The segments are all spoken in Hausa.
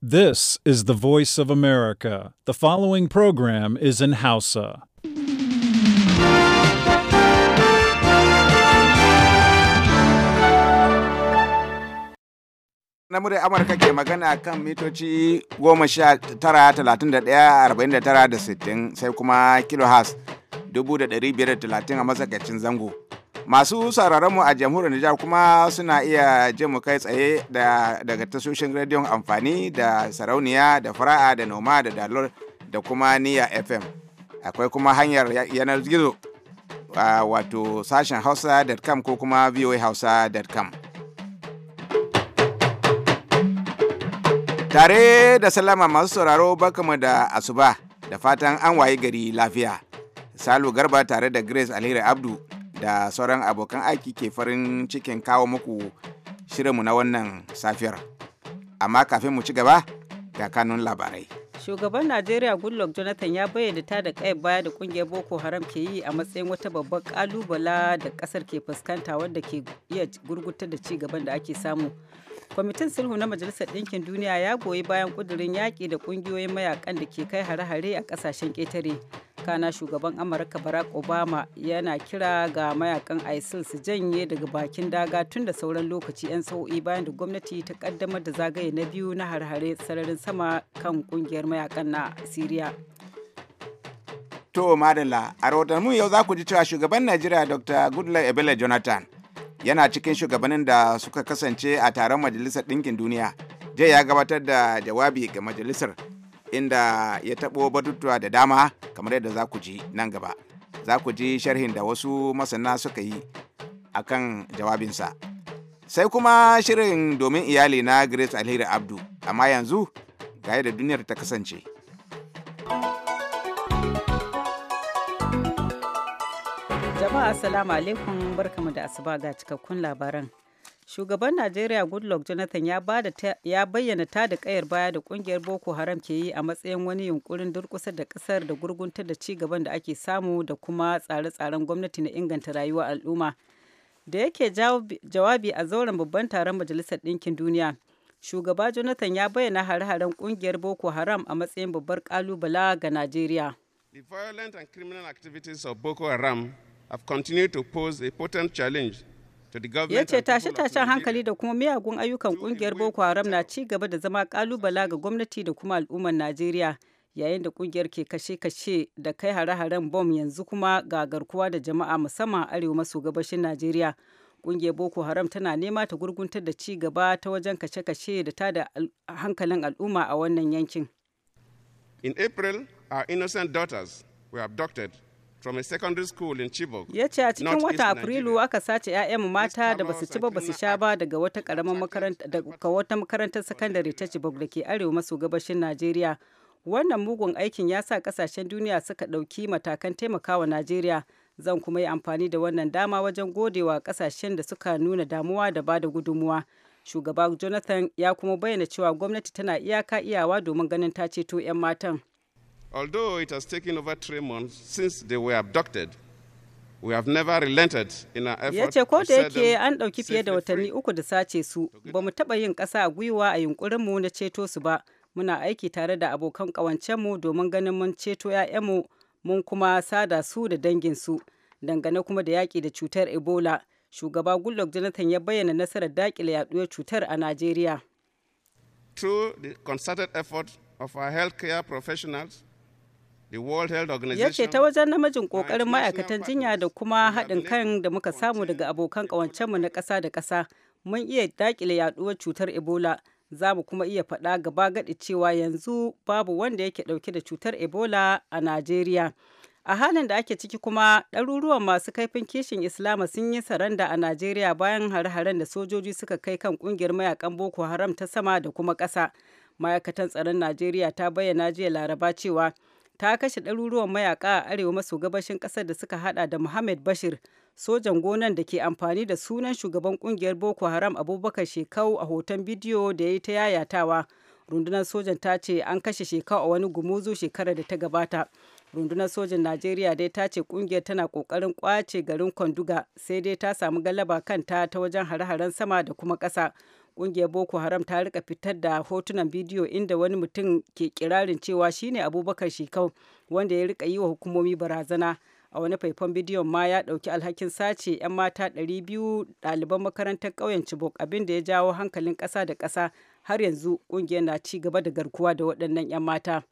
This is the voice of America. The following program is in Hausa. na murya amurka ke magana kan mitoci 19,31,49 da 60 sai kuma kilohas 530 a matsakaicin zango masu sauraron mu a jamhuriyar Nijar kuma suna iya jin mu kai tsaye daga tasoshin rediyon amfani da sarauniya da fara'a da noma da dalol da kuma niya fm akwai kuma hanyar yanar gizo wato sashen hausa.com ko kuma voahausa.com tare da salama masu sauraro bakamu da asuba da fatan an waye gari lafiya salu garba tare da grace alheri abdu da sauran abokan aiki ke farin cikin kawo muku shirinmu na wannan safiyar. Amma kafin mu ci gaba ga kanun labarai. Shugaban Najeriya Goodluck Jonathan ya bayyana ta da kai baya da kungiyar Boko Haram ke yi a matsayin wata babbar kalubala da kasar ke fuskanta wadda ke iya gurgutar da ci gaban da ake samu. kwamitin sulhu na majalisar ɗinkin duniya ya goyi bayan ƙudurin yaƙi da kungiyoyin mayakan da ke kai hare-hare a ƙasashen ƙetare kana shugaban amurka barack obama yana kira ga mayakan isil su janye daga bakin daga tun da sauran lokaci 'yan sa'o'i bayan da gwamnati ta kaddamar da zagaye na biyu na harhare sararin sama kan kungiyar mayakan na syria to madalla a rahoton mu yau za ku ji cewa shugaban najeriya dr goodluck ebele jonathan yana cikin shugabannin da suka kasance a taron majalisar ɗinkin duniya zai ya gabatar da jawabi ga majalisar inda ya taɓo batutuwa da dama kamar yadda za ku ji nan gaba za ku ji sharhin da wasu masana suka yi a kan jawabinsa sai kuma shirin domin iyali na grace alheri abdu amma yanzu ga yadda duniyar ta kasance jama'a assalamu alaikum barkamu da asuba ga cikakkun labaran shugaban najeriya goodluck jonathan ya bayyana ta da kayar baya da kungiyar boko haram ke yi a matsayin wani yunkurin durkusa da kasar da gurguntar da ci gaban da ake samu da kuma tsare-tsaren gwamnati na inganta rayuwar al'umma da yake jawabi a zauren babban taron majalisar ɗinkin duniya shugaba jonathan ya bayyana hare-haren kungiyar boko haram a matsayin babbar kalubala ga najeriya the violent and criminal activities of boko haram have continued to pose a potent challenge ya ce tashe-tashen hankali da kuma miyagun ayyukan kungiyar boko haram na ci gaba da zama kalubala ga gwamnati da kuma al'ummar najeriya yayin da kungiyar ke kashe-kashe da kai hare-haren bom yanzu kuma ga garkuwa da jama'a musamman arewa maso gabashin najeriya kungiyar boko haram tana nema ta gurguntar da ci gaba ta wajen kashe-kashe da ta da hankalin al'umma a wannan yankin in april our innocent daughters were abducted from a secondary school in Chibok. Ya ce a cikin wata Afrilu aka sace 'ya'yan mata da basu ci ba basu sha ba daga wata karamar makaranta daga wata makarantar sakandare ta Chibok da ke arewa maso gabashin Najeriya. Wannan mugun aikin ya sa kasashen duniya suka ɗauki matakan taimakawa Najeriya. Zan kuma yi amfani da wannan dama wajen godewa kasashen da suka nuna damuwa da ba da gudunmuwa. Shugaba Jonathan ya kuma bayyana cewa gwamnati tana iyaka iyawa domin ganin ta ceto 'yan matan. Although it has taken over three months since they were abducted, We have never relented in our effort ya ko da yake an ɗauki fiye da watanni uku da sace su ba mu taɓa yin ƙasa a gwiwa a yunƙurinmu na ceto su ba muna aiki tare da abokan ƙawancenmu domin ganin mun ceto 'ya'yanmu mun kuma sada su da danginsu dangane kuma da yaƙi da cutar ebola shugaba goodluck jonathan ya bayyana nasarar daƙile yaɗuwar cutar a najeriya through the concerted effort of our healthcare professionals yake ta wajen namijin kokarin ma'aikatan jinya da kuma haɗin kan da muka samu daga abokan ƙawancenmu na ƙasa da ƙasa mun iya daƙile yaɗuwar cutar ebola za mu kuma iya faɗa gaba gaɗi cewa yanzu babu wanda yake ɗauke da cutar ebola a najeriya a halin da ake ciki kuma ɗaruruwan masu kaifin kishin islama sun yi saranda a najeriya bayan hare-haren da sojoji suka kai kan ƙungiyar mayakan boko haram ta sama da kuma ƙasa ma'aikatan tsaron najeriya ta bayyana jiya laraba cewa ta kashe ɗaruruwan mayaka a arewa maso gabashin ƙasar da suka hada da Muhammad Bashir, sojan gonan da ke amfani da sunan shugaban ƙungiyar Boko Haram Abubakar Shekau a hoton bidiyo da ya yi ta yayatawa. Rundunar sojan ta ce an kashe Shekau a wani gumuzu shekarar da ta gabata. Rundunar sojan Najeriya dai ta ce ƙungiyar tana kokarin kwace garin Kwanduga sai dai ta samu galaba kanta ta wajen hare-haren sama da kuma ƙasa. Ƙungiyar Boko Haram ta rika fitar da hotunan bidiyo inda wani mutum ke kirarin cewa shine Abubakar Shekau wanda ya rika yi wa hukumomi barazana. A wani faifan bidiyon ma ya ɗauki alhakin sace 'yan mata 200 ɗaliban makarantar ƙauyen cibok abin da ya jawo hankalin ƙasa da ƙasa har yanzu ƙungiyar na ci gaba da garkuwa da waɗannan 'yan mata.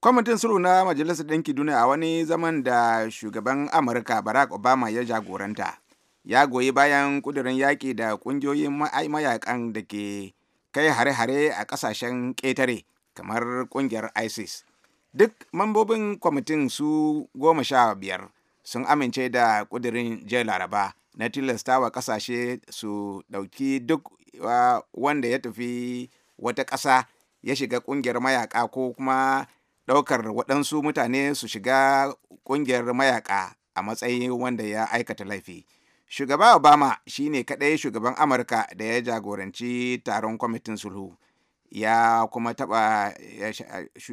kwamitin sulhu na majalisar ɗinki duniya a wani zaman da shugaban amurka barack obama ya jagoranta ya goyi bayan kudirin yaƙi da ƙungiyoyin mayakan da ke kai hare-hare a ƙasashen ƙetare kamar ƙungiyar isis duk mambobin kwamitin su goma sha biyar sun amince da kudirin jiya laraba na tilasta wa ƙasashe su ɗauki duk wanda ya tafi wata ƙasa ya shiga ƙungiyar mayaƙa ko kuma ɗaukar waɗansu mutane su shiga ƙungiyar mayaƙa a matsayin wanda ya aikata laifi. shugaba obama shine kaɗai shugaban amurka da ya jagoranci taron kwamitin sulhu ya kuma taba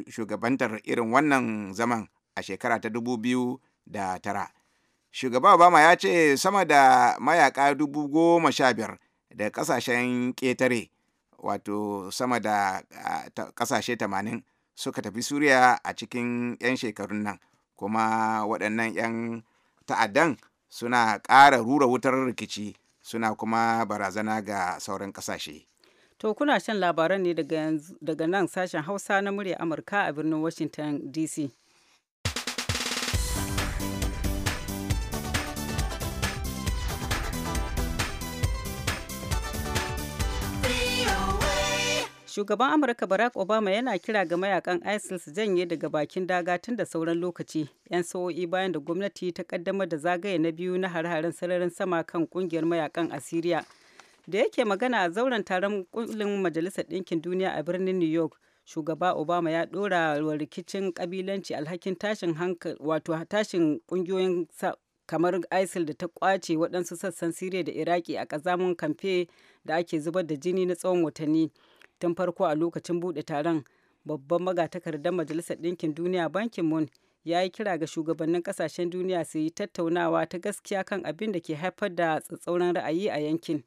shugabantar irin wannan zaman a shekara ta dubu biyu da tara shugaba obama ya ce sama da mayaka dubu goma sha biyar da kasashen ƙetare wato sama da kasashe tamanin suka tafi suriya a cikin 'yan shekarun nan kuma waɗannan 'yan ta'addan suna ƙara rura wutar rikici suna kuma barazana ga sauran ƙasashe. To kuna shan labaran ne daga nan sashen Hausa na murya Amurka a birnin Washington DC. shugaban amurka barack obama yana kira ga mayakan isil su janye daga bakin daga tun da sauran lokaci yan sa'o'i bayan da gwamnati ta kaddamar da zagaye na biyu na hare-haren sararin sama kan kungiyar mayakan asiriya da yake magana a zauren taron kulin majalisar ɗinkin duniya a birnin new york shugaba obama ya ɗora wa rikicin kabilanci alhakin tashin hankali wato tashin ƙungiyoyin kamar isil da ta kwace waɗansu sassan siriya da iraki a ƙazamin kamfe da ake zubar da jini na tsawon watanni tun farko a lokacin bude taron babban magatakardar majalisar ɗinkin duniya bankin mun ya yi kira ga shugabannin kasashen duniya su yi tattaunawa ta gaskiya kan abin da ke haifar da tsatsauran ra'ayi a yankin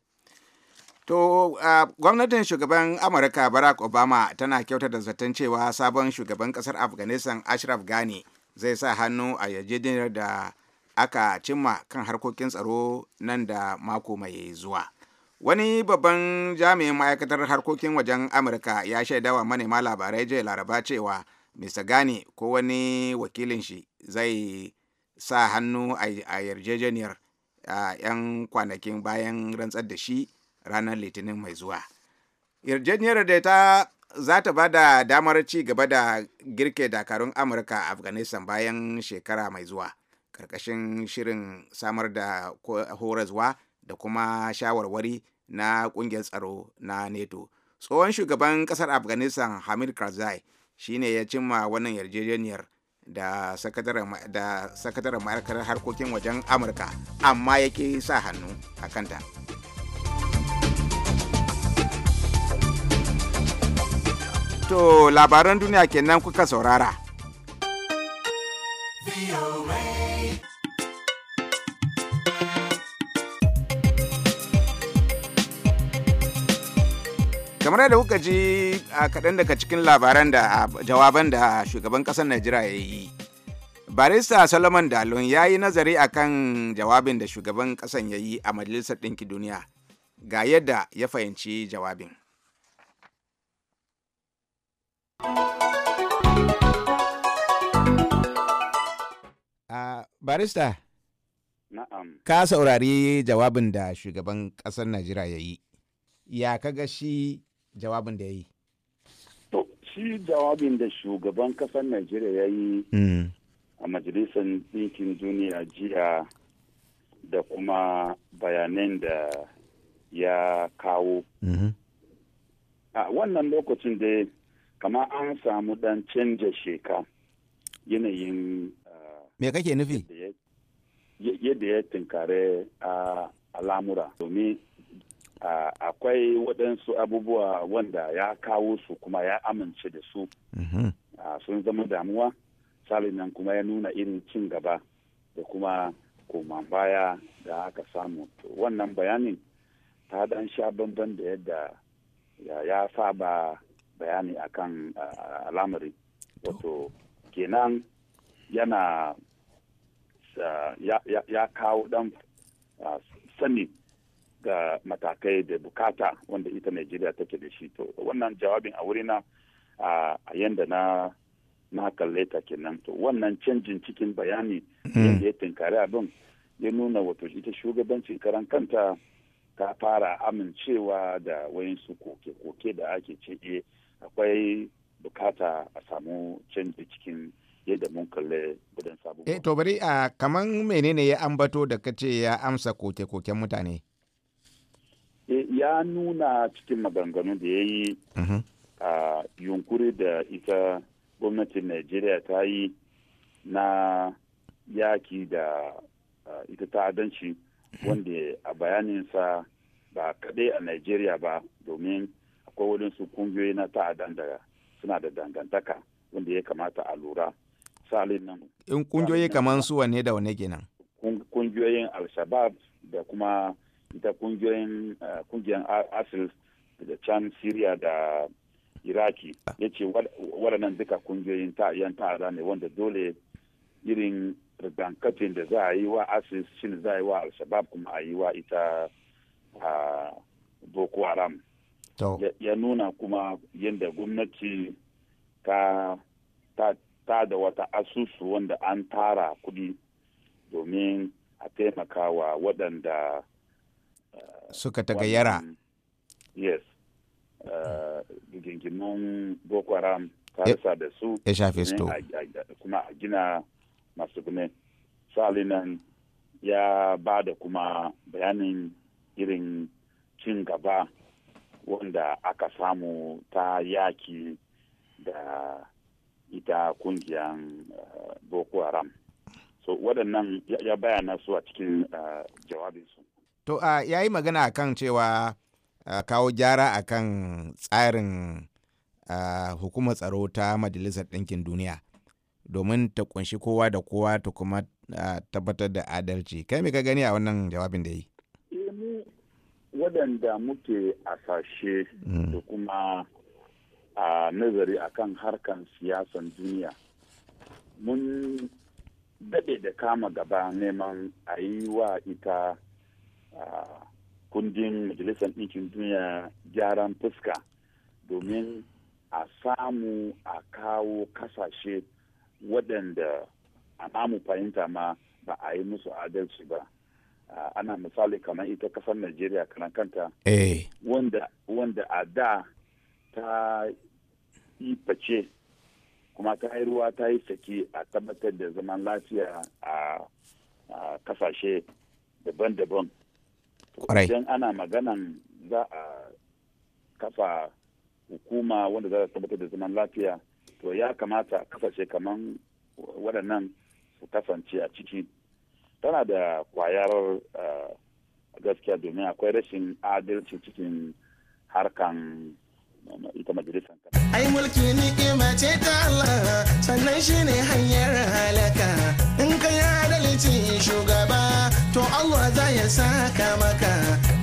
To, uh, gwamnatin shugaban Amurka Barack Obama tana kyauta da zaton cewa sabon shugaban kasar Afghanistan Ashraf Ghani zai sa hannu a yarjejeniyar da aka cimma kan harkokin tsaro nan da mako mai zuwa. wani babban jami'in ma'aikatar harkokin wajen amurka ya shaida wa manema labarai jiya laraba cewa mr gani ko wani wakilin shi zai sa hannu a yarjejeniyar a 'yan kwanakin bayan rantsar da shi ranar litinin mai zuwa yarjejeniyar da ta za ta ba da damar ci gaba da girke dakarun amurka a afghanistan bayan shekara mai zuwa karkashin shirin samar da horazwa da kuma shawarwari na ƙungiyar tsaro na neto tsohon shugaban ƙasar afghanistan hamid karzai shine ya cimma wannan yarjejeniyar da sakataren ma'aikatar harkokin wajen amurka amma yake sa hannu a kanta to labaran duniya kenan kuka saurara. kamar da kuka ji a kaɗan daga cikin labaran da jawaban da shugaban ƙasar najeriya ya yi barista solomon dalon ya yi nazari a kan jawabin da shugaban ƙasar ya yi a majalisar ɗinki duniya ga yadda ya fahimci jawabin barista Ka saurari jawabin da shugaban ƙasar Najeriya ya yi. Ya kaga shi jawabin da ya yi to shi jawabin da shugaban kasar najeriya ya yi hmm. a majalisar ɗinkin duniya jiya da kuma bayanan da ya kawo hmm. a wannan lokacin da kama an samu dan canja sheka yanayin ah, me kake nufi yadda ya tinkare a ah, al'amura domin akwai waɗansu abubuwa wanda ya kawo su kuma ya amince da su mhm. sun zama damuwa salin nan kuma ya nuna irin cin gaba da kuma koma baya da aka samu wannan bayanin ta dan sha banban da yadda ya saba bayani akan al'amari wato kenan yana ya kawo dan sanin ga matakai da bukata wanda ita Najeriya take da shi to wannan jawabin a wurina a yanda na na kalle ta kenan to wannan canjin cikin bayani hmm. da ya tinkari abin ya nuna wato ita shugabancin karan kanta ta fara amincewa da wayansu koke-koke da ake ce eh, akwai bukata a samu canji cikin yadda mun kalle gudan sabon. Eh to bari a kaman menene ya ambato da kace ya amsa koke-koken mutane? Eh, ya nuna cikin maganganu da ya yi mhm. a yunkuri da ita gwamnatin najeriya ta yi na yaki da ita ta'adanci mhm. wanda a bayaninsa ba kaɗai a najeriya ba domin akwai waɗansu kungiyoyi na ta'adan da suna da dangantaka wanda ya kamata a lura salin nan in kungiyoyi kamar su wane da wane kenan kungiyoyin al-shabab da kuma ita kungiyoyin eh, kungiyar asil da can syria da iraki ya ce waɗannan duka kungiyoyin ta yan ta'ada ne wanda dole irin rigankafin da za a yi wa asis shi za a yi wa al-shabab kuma a yi wa ita boko haram ya nuna kuma yadda gwamnati ta ta da wata asusu wanda an tara kudi domin a taimaka wa waɗanda suka gayyara. yes eh, rigingimin boko haram ta da su ya shafe su kuma a gina masu gune salinan ya ba da kuma bayanin irin cin gaba wanda aka samu ta yaki da ita kungiyar eh, boko haram so waɗannan ya bayyana su a cikin eh, jawabinsu To uh, ya yi magana akan cewa uh, kawo gyara akan tsarin uh, hukumar tsaro ta Majalisar Ɗinkin Duniya domin ta kunshi kowa da kowa ta kuma tabbatar da adalci. Kai me ka gani a wannan jawabin da yi? Eh, waɗanda muke a sashe hmm. da kuma a nazari akan harkan siyasan duniya mun daɗe da kama gaba neman a yi wa ita kundin majalisar ɗinkin duniya gyaran fuska domin a samu a kawo kasashe waɗanda a namu fahimta ma ba a yi musu adalci ba ana misali kamar ita kasar najeriya kanan kanta eh. wanda a da ta yi face kuma ta yi ruwa ta yi saki a tabbatar da zaman lafiya a kasashe daban-daban Idan ana maganan za a kafa hukuma wanda za ta tabbatar da zaman lafiya to ya kamata a kasashe kaman waɗannan su kasance a ciki tana da kwayar eh, gaskiya domin akwai rashin adalci cikin harkan ita majalisar ai mulki ni ce ta Allah sannan shi ne hanyar halaka in ka yi adalci shugaba to Allah za ya saka maka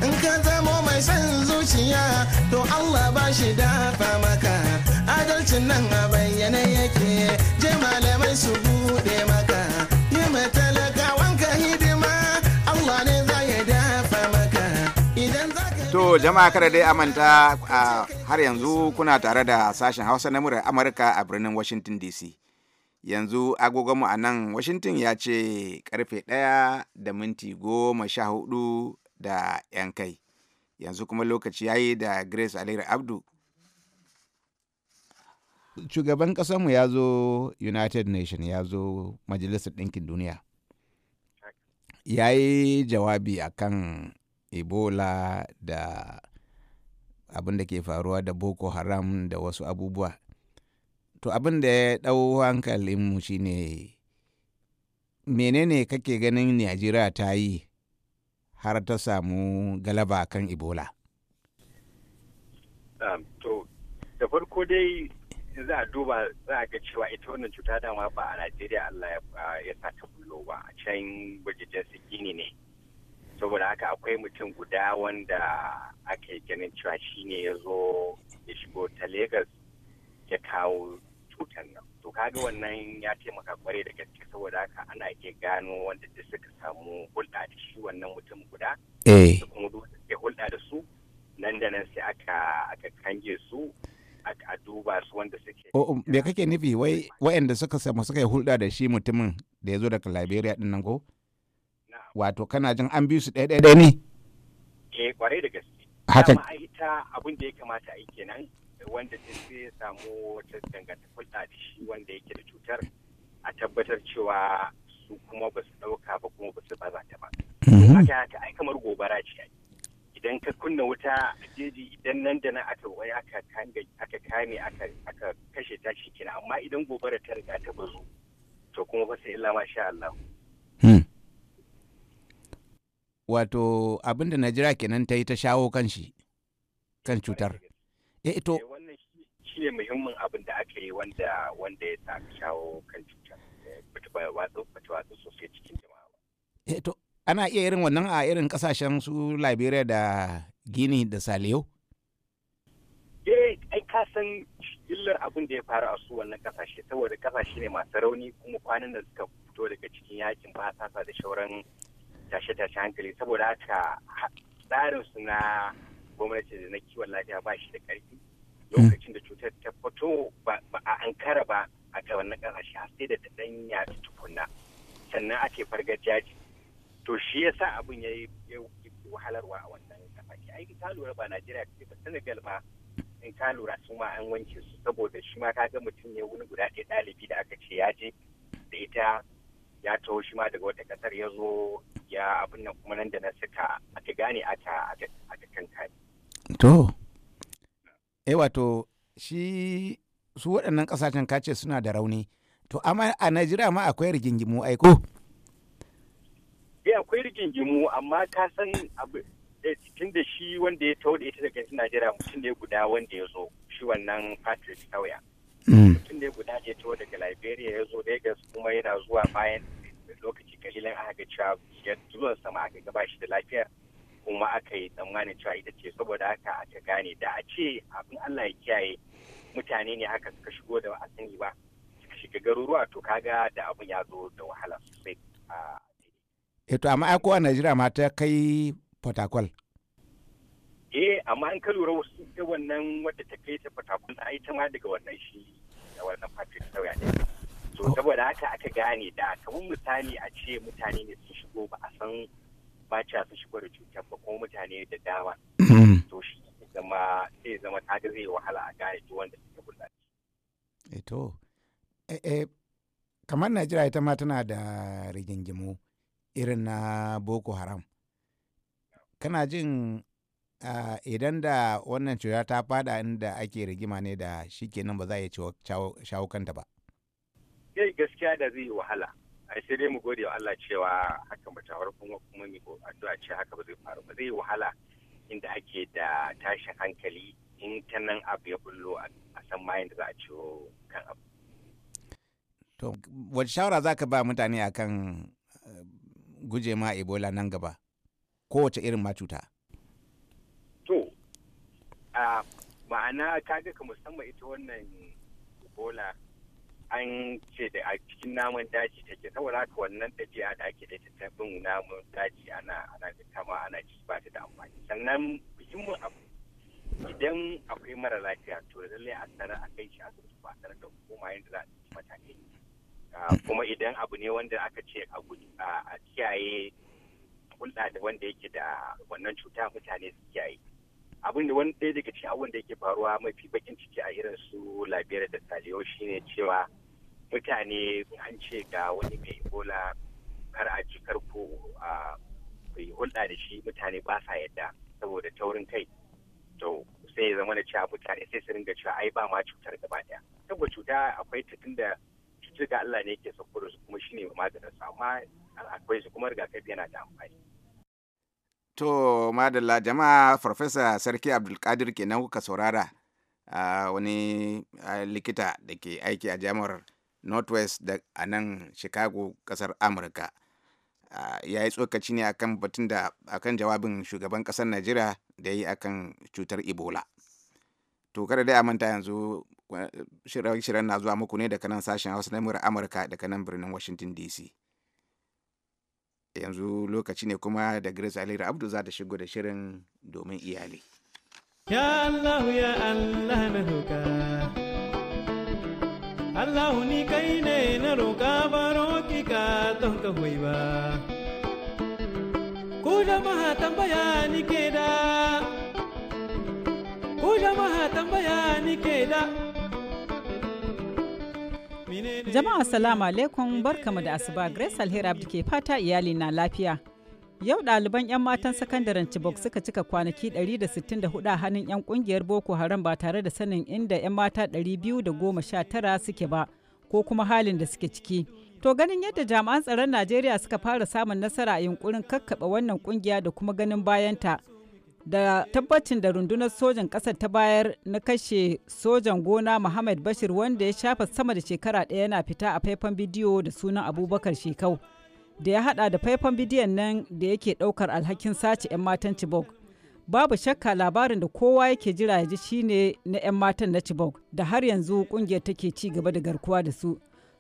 in ka zamo mai son zuciya to Allah ba shi dafa maka adalcin nan a bayyane yake je malamai su To jama'a kada dai amanta har yanzu kuna tare da sashen Hausa na murar Amurka a birnin Washington DC. Yanzu agogonmu a nan Washington ya ce karfe ɗaya da minti goma sha hudu da 'yan kai. Yanzu kuma lokaci ya yi da Grace Alira Abdu. Shugaban ƙasarmu ya zo United Nation ya zo Majalisar Ɗinkin Duniya. Ya yi jawabi akan Ebola da abin da ke faruwa da Boko Haram da wasu abubuwa. To abin da ya ɗau hankalinmu shi ne menene kake ganin Najeriya ta yi har ta samu galaba kan Ebola? Um, to, da farko dai za a duba za a ga cewa ita wannan cuta dama ba a Najeriya Allah ya sa ta bullo ba a can da su gini ne. saboda haka akwai mutum guda wanda ake ganin cewa shine ya zo ya shigo ta Legas ya kawo cutar nan to kaga wannan ya taimaka kwarai da gaske saboda haka ana iya gano wanda da suka samu hulɗa da shi wannan mutum guda eh. da kuma ya hulɗa da su nan da nan sai aka aka kange su a duba su wanda suke me kake nufi wai waɗanda suka samu suka yi hulɗa da shi mutumin da ya zo daga Liberia din nan ko wato kana jin an bi su ɗaya ɗaya ne eh kwarai da gaske haka ita abin da ya kamata a yi kenan wanda sai samu wata dangantakar da shi wanda yake da cutar a tabbatar cewa su kuma ba su ɗauka ba kuma ba su baza ta ba. Mhm. Haka ta ai kamar gobara ce idan ka kunna wuta a jeji idan nan da nan aka wai aka kame aka kashe ta shi kina amma idan gobara ta riga ta bazu to kuma ba sai illa masha Allah. wato abinda jira kenan ta yi ta shawo kan shi kan cutar e to eh, wannan shi ne muhimmin abin da aka yi wanda wanda ya sa shawo kan cutar wato eh, watsa bata sosai cikin jama'a e to ana iya irin wannan a irin kasashen su liberia da gini da saliyo eh ai ka san illar abin da ya faru a su wannan kasashe saboda kasashe ne masu rauni kuma kwanan da suka fito daga cikin yakin basasa da shauran tashe-tashe hankali saboda haka tsarinsu na gwamnati da na kiwon lafiya ba shi da ƙarfi hmm. lokacin da cutar ta fito ba a ankara ba a ta wannan ƙasashe sai da ta ɗan yaɗu tukunna sannan ake fargar jaji to shi yasa abin ya yi wahalarwa a wannan kafaki aiki ta lura ba najeriya ce ba senegal ba in ka lura su ma an wanke su saboda shi ma ga mutum ne wani guda ɗaya ɗalibi da aka ce ya je da ita ya taho shi ma daga wata kasar ya zo ya abin nan kuma nan da na suka ta gane ta kan kanka to eh wato shi su waɗannan ƙasashen kace suna da rauni to amma a Najeriya ma akwai rigingimu aiko eh akwai rigingimu amma ka san abu cikin eh, da shi wanda ya taho da ita daga Najeriya mutum ne guda wanda ya zo shi wannan Patrick Sauya mm. mutum ne guda ne taho daga Liberia ya zo Lagos kuma yana zuwa bayan lokaci kalilan aka ga cewa ya zuwa sama aka gaba shi da lafiya kuma aka yi tsammanin cewa ita ce saboda haka aka gane da a ce abin Allah ya kiyaye mutane ne haka suka shigo da ba sani ba suka shiga garuruwa to kaga da abin ya zo da wahala sosai. Eto eh, amma ai kowa Najeriya ma ta kai Fatakwal. Eh amma an ka lura wasu da wannan wadda ta kai ta Fatakwal na ita ma daga wannan shi da wannan fatin sauya ne. so oh. saboda haka aka gane da kamar misali a ce mutane ne sun shigo ba a san ba ca sun shigo da cutar ba kuma mutane da dama hmm. to shi zama zai zama ta zai wahala a gane duk wanda suka kula e to eh, eh kamar Najeriya ita ma tana da rigingimu irin na Boko Haram kana jin idan da wannan cuta ta fada inda ake rigima ne da shi kenan ba za a iya shawo kanta ba dai gaskiya da zai yi wahala ai sai dai mu gode wa Allah cewa hakan ba ta faru kuma kuma mu addu'a ce haka ba zai faru ba zai yi wahala inda ake da tashin hankali in ta nan abu ya bullo a san ma da za a ciwo kan abu. To, wace shawara za ka ba mutane akan eh, guje ma Ebola nan gaba? Kowace irin ma cuta? To, ma'ana kaga ka musamman ita wannan Ebola an ce da a cikin namun daji take saboda haka wannan tafiya da ake da ta namun daji ana ana kama ana ci ba da amfani sannan mu abu idan akwai mara lafiya to lallai a tsara a kai shi asibiti ba tare da hukuma yadda za a ci matakai ah, kuma idan abu ne wanda aka ce a kiyaye hulɗa da wanda yake da wannan cuta mutane su kiyaye abin da wani ɗaya daga cikin abin da yake faruwa mafi bakin ciki a irin su labiyar da taliyo shine cewa mutane an ce ga wani mai ebola kar a ci karko a hulɗa da shi mutane ba sa yadda saboda taurin kai to sai ya zama na cewa mutane sai su ringa cewa ai ba ma cutar gaba ɗaya saboda cuta akwai ta tunda cutar da Allah ne yake sauko da su kuma shine maganin su amma akwai su kuma rigakafi yana da amfani To, madalla jama'a Farfesa Sarki Abdulkadir kenan kuka saurara a wani likita da ke aiki a jami'ar Northwest da a nan Chicago, kasar Amurka. ya yi tsokaci ne akan batun da akan jawabin shugaban kasar Najeriya da yi akan cutar Ebola. To kada dai a manta yanzu shirin na zuwa muku ne daga nan sashen Hausa na Amurka daga nan birnin Washington DC. yanzu lokaci ne kuma da grace alira abdu za ta shigo da shirin domin iyali ya allah ya allah na roka allah ni kai ne na roka ba ki ka don ka hoyi ba ku jama'a tambaya ni ke da ku jama'a tambaya ni ke da Jama'a salamu alaikum barkamu da asuba Grace Alheri Abdi ke fata iyali na lafiya. Yau ɗaliban 'yan matan sakandaren Chibok suka cika kwanaki 164 a hannun 'yan kungiyar Boko Haram ba tare da sanin inda 'yan mata 219 suke ba ko kuma halin da suke ciki. To ganin yadda jami'an tsaron Najeriya suka fara samun nasara a yunkurin kakkaɓe wannan ƙungiya da kuma ganin bayanta. ta da tabbacin da rundunar sojan ƙasar ta bayar na kashe sojan gona Muhammad Bashir wanda ya shafa sama da shekara ɗaya yana fita a faifan bidiyo da sunan Abubakar Shekau da ya hada da faifan bidiyon nan da yake ɗaukar alhakin sace 'yan matan Chibok. Babu shakka labarin da kowa yake jira ya ji shine na 'yan matan na Chibok da har yanzu kungiyar take ci gaba da garkuwa da su.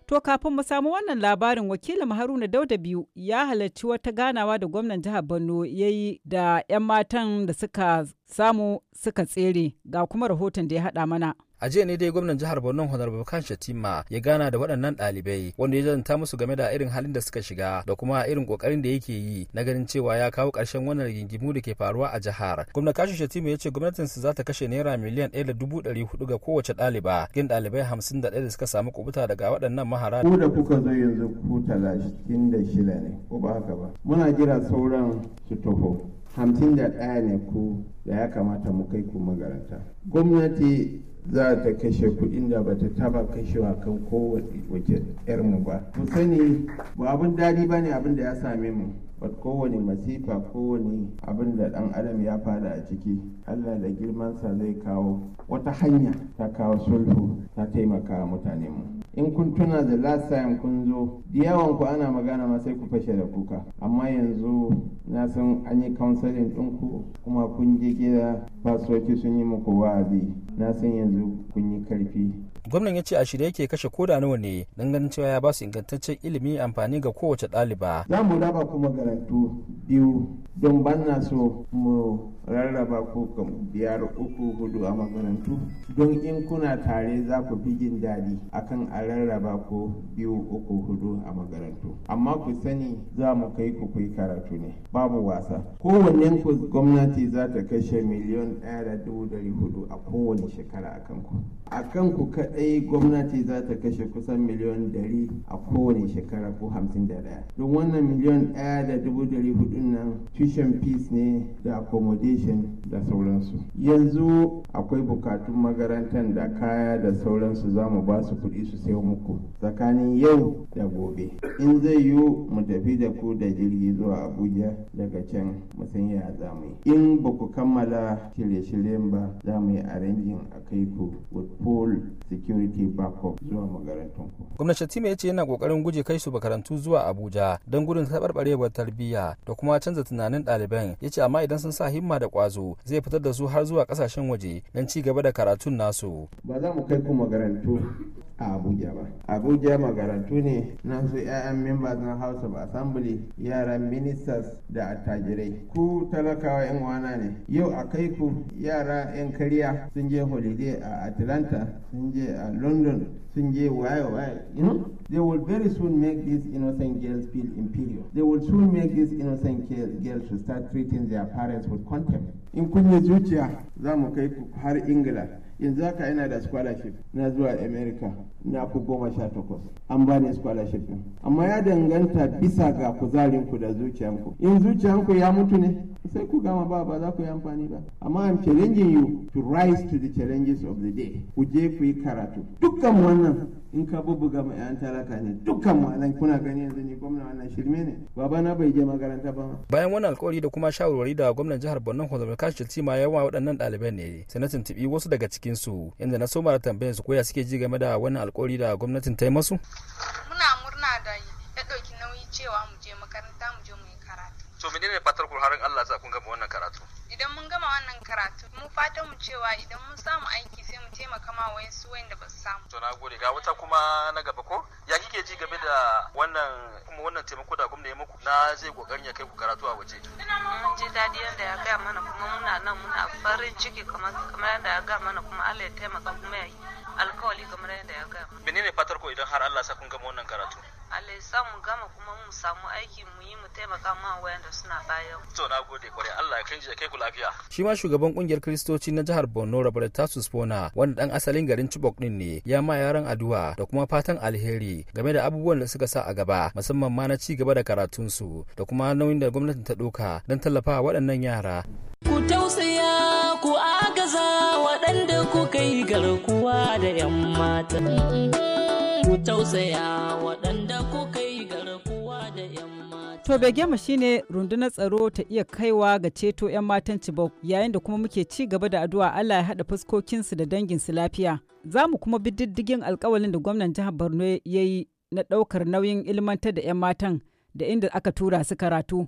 To kafin mu samu wannan labarin wakilin Haruna Dauda biyu ya halarci wata ganawa da gwamnan jihar Borno ya yi da 'yan matan da suka samu suka tsere ga kuma rahoton da ya haɗa mana. a jiya ne dai gwamnan jihar borno honorable kan shatima ya gana da waɗannan ɗalibai wanda ya zanta musu game da irin halin da suka shiga da kuma irin ƙoƙarin da yake yi na ganin cewa ya kawo ƙarshen wannan rigingimu da ke faruwa a jihar gwamnan kashi shatima ya ce gwamnatinsu za ta kashe naira miliyan ɗaya da dubu ɗari hudu ga kowace ɗaliba gin ɗalibai hamsin da ɗaya da suka samu kubuta daga waɗannan mahara ku da kuka zo yanzu ku talatin da shida ne ko ba haka ba muna jira sauran su taho hamsin da ɗaya ne ku da ya kamata mu kai ku magaranta gwamnati za ta kashe kuɗin da bata taba kashewa kan kowace yarmu ba mu sani ba abin daɗi ba ne abin da ya same mu ba kowane masifa kowane abin da ɗan adam ya fada a ciki allah da girmansa zai kawo wata hanya ta kawo sulhu ta taimaka mutane mu in kun tuna da last time kun zo ku ana magana ma sai ku fashe da kuka amma yanzu na san an yi counseling ɗinku kuma kun je gida fasoci sun yi muku wa'azi na san yanzu kun yi karfi gwamnan ya ce a shirye yake kashe koda nawa ne don ganin cewa ya ba su ingantaccen ilimi amfani ga kowace ɗaliba za mu raba kuma garantu biyu don ban na so mu rarraba ga biyar uku hudu a makarantu don in kuna tare za ku fi jin daɗi akan a rarraba ko biyu uku hudu a makarantu amma ku sani za mu kai ku kai karatu ne babu wasa kowanne ku gwamnati za ta kashe miliyon ɗaya da dubu dari hudu a kowane shekara a kanku a kanku kaɗai gwamnati za ta kashe kusan miliyon dari a kowane shekara ko hamsin da ɗaya don wannan miliyon ɗaya da dubu dari hudu nan tushen peace ne da accommodation da sauransu yanzu akwai bukatun magarantar da kaya da sauransu za mu ba su kuɗi su sayo muku tsakanin yau da gobe in zai yi mu tafi da ku da jirgi zuwa abuja daga can mu san ya za in ba ku kammala shirye-shiryen ba za mu yi arrangin a kai ku with full security backup zuwa makarantun ku gwamnati tima ya ce yana kokarin guje kai su makarantu zuwa abuja don gudun taɓarɓarewar tarbiyya da kuma canza tunanin ɗaliban ya ce amma idan sun sa himma da kwazo zai fitar da su har zuwa kasashen waje don ci gaba da karatun nasu ba za mu kai ku magarantu a abuja ba abuja magarantu ne nan su 'ya'yan members na house of assembly yaran ministers da attajirai ku talakawa 'yan wana ne yau a kai ku yara 'yan kariya sun je holiday a atlanta sun je a london sun je waye waye you know? they will very soon make these innocent girls feel inferior they will soon make these innocent girls to start treating their parents with contempt in kun yi zuciya za mu kai ku har ingila yanzu haka yana da scholarship na zuwa america na ku goma sha takwas an ba ni scholarship amma ya danganta bisa ga kuzarinku da zuciyanku in zuciyanku ya mutu ne sai ku gama ba ba za ku yi amfani ba amma I'm challenging you to rise to the challenges of the day ku je ku yi karatu dukkan wannan in ka bubbuga mai yan talaka ne dukkan malan kuna gani yanzu ni gwamna wannan shirme ne baba na bai je makaranta ba bayan wannan alƙawari da kuma shawarwari da gwamnan jihar Borno Honorable Kashi Tima ya yawa waɗannan ɗaliban ne sai na tuntubi wasu daga cikin su inda na so mara tambayar su koya suke ji game da wannan alƙawari da gwamnatin ta yi masu muna murna da ya ɗauki nauyi cewa mu to menene fatar ku Allah sa kun gama wannan karatu idan mun gama wannan karatu mu fata mu cewa idan mun samu aiki sai mu taimaka ma wayansu wayanda ba su samu to na gode ga wata kuma na gaba ko ya kike ji game da wannan kuma wannan taimako da gwamnati ya muku na zai kokarin ya kai ku karatu a waje mun ji dadi yadda ya gaya mana kuma muna nan muna farin ciki kamar kamar yadda ya gaya mana kuma Allah ya taimaka kuma ya alkawali kamar yadda ya gaya menene fatar ko idan har Allah sa kun gama wannan karatu Allah mu gama kuma mu samu aiki mu yi mu taimaka ma wayanda suna bayan. To na gode kwarai Allah ya kai ku lafiya. Shi ma shugaban kungiyar Kristoci na jihar Borno Robert Tasus Fona wanda dan asalin garin Chibok din ne ya ma yaran addu'a da kuma fatan alheri game da abubuwan da suka sa a gaba musamman ma na ci gaba da karatunsu da kuma nauyin da gwamnatin ta doka don tallafa waɗannan yara. Ku tausaya ku agaza waɗanda kuka yi garkuwa da 'yan mata. Ku tausaya waɗanda To ma shine rundunar tsaro ta iya kaiwa ga ceto 'yan matan cibok yayin da kuma muke ci gaba da addu'a Allah ya haɗa fuskokinsu da danginsu lafiya. Za mu kuma bi diddigin alkawalin da gwamnan jihar Borno ya yi na ɗaukar nauyin ilmantar da 'yan matan da inda aka tura su karatu.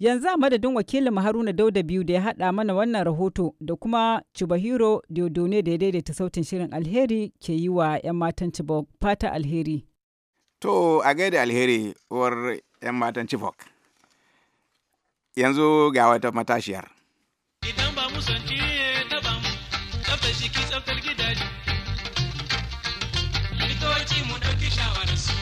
Yanzu a madadin wakilin Haruna Dauda biyu da ya haɗa mana wannan rahoto da kuma Chibahiro Diodone da ya daidaita sautin shirin alheri ke yi wa 'yan matan cibok fata alheri. To a gaida alheri war 'yan matan Chibok. Yanzu ga wata matashiyar. Idan ba musanci ta ba mu, tsaftar gidaje. Likitoci mu ɗauki shawararsu.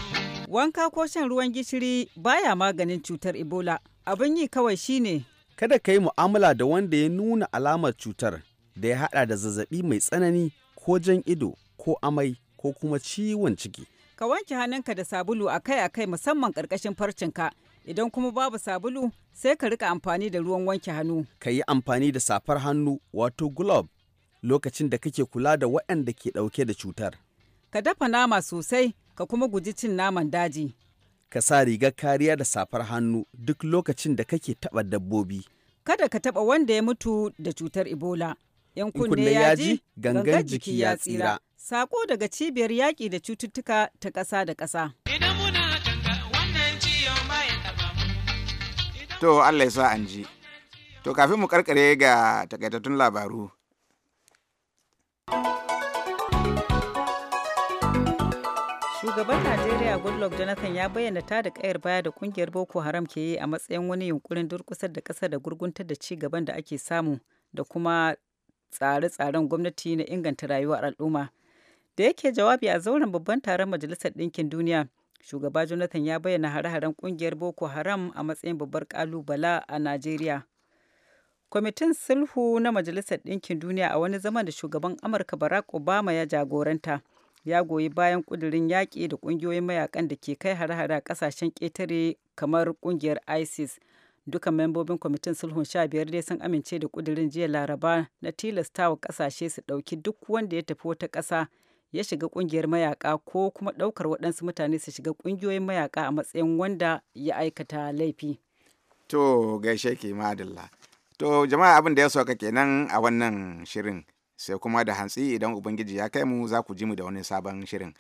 Wanka ko shan ruwan gishiri baya maganin cutar Ebola. Abin yi kawai shine. Kada ka yi mu'amala da wanda ya nuna alamar cutar da ya haɗa da zazzabi mai tsanani ko jan ido ko amai ko kuma ciwon ciki. Ka wanke hannunka da sabulu akai-akai musamman ƙarƙashin farcinka. Idan kuma babu sabulu, sai ka rika amfani da ruwan wanke hannu. Ka yi amfani da safar hannu wato glove lokacin da kake kula da waɗanda ke ɗauke da cutar. Ka dafa nama sosai, ka kuma guji cin naman daji. Ka sa rigar kariya da safar hannu duk lokacin da kake taɓa dabbobi. Kada ka taɓa wanda ya mutu da cutar Ebola. In kunne ya ji, gangan jiki ya tsira. Sako daga cibiyar yaƙi da cututtuka ta ƙasa da ƙasa. To Allah ya sa an ji. To kafin mu karkare ga takaitattun labaru. Shugaban Najeriya Goodluck Jonathan ya bayyana ta da kayar baya da ƙungiyar Boko Haram ke yi a matsayin wani yunkurin durkusar da ƙasa da gurguntar da ci gaban da ake samu da kuma tsare-tsaren gwamnati na inganta rayuwar al'umma. da yake jawabi a zauren babban taron majalisar ɗinkin duniya shugaba jonathan ya bayyana hare-haren kungiyar boko haram a matsayin babbar kalubala a najeriya kwamitin sulhu na majalisar ɗinkin duniya a wani zaman da shugaban amurka barack obama ya jagoranta ya goyi bayan kudirin yaƙi da ƙungiyoyin mayakan da ke kai hare-hare a ƙasashen ƙetare kamar ƙungiyar isis duka membobin kwamitin sulhun sha biyar dai sun amince da kudirin jiya laraba na tilastawa ƙasashe su ɗauki duk wanda ya tafi wata ƙasa ya shiga kungiyar mayaka ko kuma daukar waɗansu mutane su shiga kungiyoyin mayaka a matsayin wanda ya aikata laifi. To gaishe ke madalla. To jama'a abin da ya sauka kenan a wannan shirin sai kuma da hantsi idan Ubangiji ya kai mu za ku ji mu da wani sabon shirin.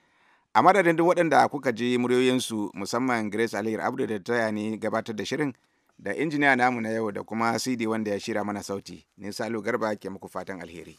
A madadin duk waɗanda kuka ji muryoyinsu musamman Grace aliyar Abdu da ta ne gabatar da shirin da injiniya namu na yau da kuma CD wanda ya shira mana sauti. Ni Salo Garba ke muku fatan alheri.